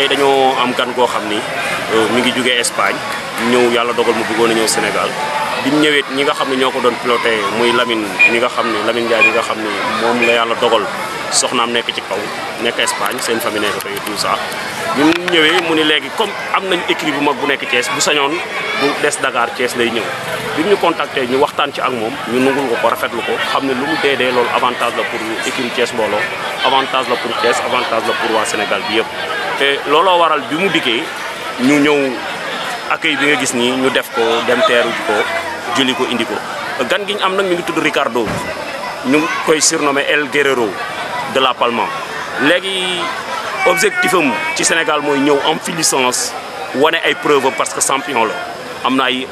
tey dañoo am gan goo xam ni euh, mi ngi jóge Espagne ñëw yàlla dogal mu bëggoon a ñëw Sénégal bi mu ñëwee ñi nga xam ne ñoo ko doon piloté muy Lamine ñi nga xam ne Lamine Ndiaye ñi nga xam ne moom la yàlla dogal soxnaam nekk ci kaw nekk Espagne seen famille nekk tey tout ça. bi mu ñëwee mu ni léegi comme am nañu écrit bu mag bu nekk Thiès bu sañoon bu des Dakar Thiès lay ñëw bi ñu contacté ñu waxtaan ci ak moom ñu nungul ko ko rafetlu ko xam ne lu mu dee dee loolu avantage pour écrit Thiès mbooloo avantage la pour Thiès avantage pour waa Sénégal bi yëpp. te looloo waral bi mu dikkee ñu ñëw accueil bi nga gis nii ñu def ko dem teeru ko julli ko indi ko gan gi am nag mi ngi tudd Ricardo ñu koy surnommé El Guerrero de la Palma léegi objectif am ci Sénégal mooy ñëw am fi licence wane ay preuve am parce que champion la am na ay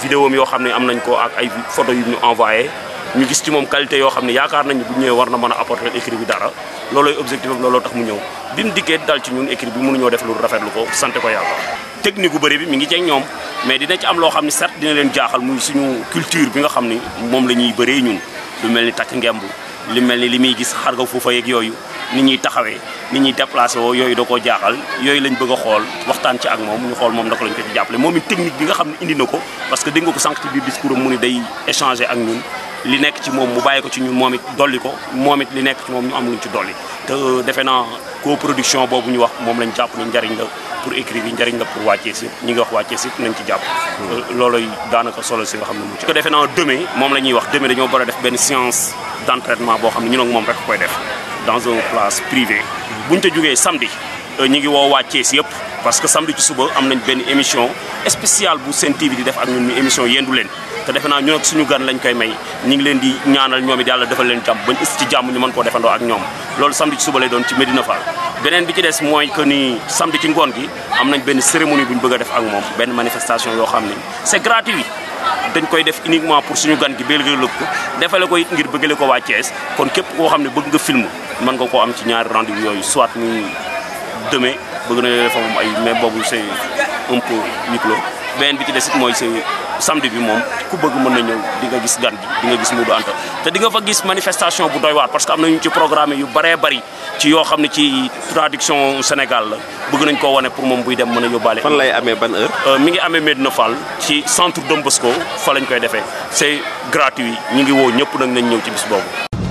vidéo am yoo xam ne am nañ ko ak ay photo yu ñu envoyé ñu gis ci moom qualité yoo xam ne yaakaar nañ bu ñëwee war na mën a apporter écrit bi dara loolooy objectif am looloo tax mu ñëw bi mu dikkee dal ci ñun écrit bi mënuñoo def lu rafetlu ko sant ko yàlla technique gu bëri bi mi ngi ceeg ñoom mais dina ci am loo xam ne certes dina leen jaaxal mu suñu culture bi nga xam ni moom la ñuy bëree ñun lu mel ni takk ngemb li mel ni li muy gis xar nga fuufa yeeg yooyu nit ñuy taxawee nit ñuy déplacé woo yooyu da koo yooyu lañ bëgg xool waxtaan ci ak moom ñu xool moom naka lañ ko ci bi nga xam ne indi ko parce que dégg nga ko sànq ci biir discours am mu nekk ci moom mu bàyyi ko ci ñun moom it dolli ko moom it li nekk ci moom ñu am luñ ci dolli te euh, defe naa coproduction boobu ñu wax moom lañ jàpp ni njariñ la pour écrire yi njariñ la pour wàccee si ñi ngi wax wàccee si nañ ci jàpp euh, looloy daanaka solo si nga xam ne mu ci ko defe naa demain moom la ñuy wax demain dañoo war a def benn séance d'entraînement boo xam ne ñu nag moom rek koy def dans une place privée buñ ca jógee samedi euh, ñi ngi woo wàccee si yëpp parce que samedi ci suba am nañ benn émission spéciale bu seen TV di def ak ñun ñu émission yendu leen te defe naa ñun ak suñu gan lañ koy may ñu ngi leen di ñaanal ñoom it yàlla defal leen jàmm bañ is ci jàmm ñu mën koo defandoo ak ñoom loolu samedi ci suba lay doon ci Medina Fall beneen bi ci des mooy que ni samedi ci ngoon gi am nañ benn cérémonie bu ñu bëgg a def ak moom benn manifestation yoo xam ne c'est gratuit dañ koy def uniquement pour suñu gan gi béykat defale ko ngir bëggale ko waa Thiès kon képp koo xam ne bëgg nga film mën nga koo am ci ñaari rendez-vous yooyu soit muy. demain bëgg nañu def moom ay mais boobu c' est un peu huis bi ci des mooy c' est bi moom ku bëgg mën na ñëw di nga gis gan bi di nga gis Moodu Anta te di nga fa gis manifestation bu doy waat parce que am nañu ci programme yu baree bari ci yoo xam ne ci traduction Sénégal la bëgg nañ koo wane pour moom buy dem mën a yóbbaale. fan lay amee ban euh, mi ngi amee Medina Fall ci centre Don Bosco fa lañ koy defee c' est gratuit ñu ngi wow ñëpp nag nañ ñëw ci bis boobu.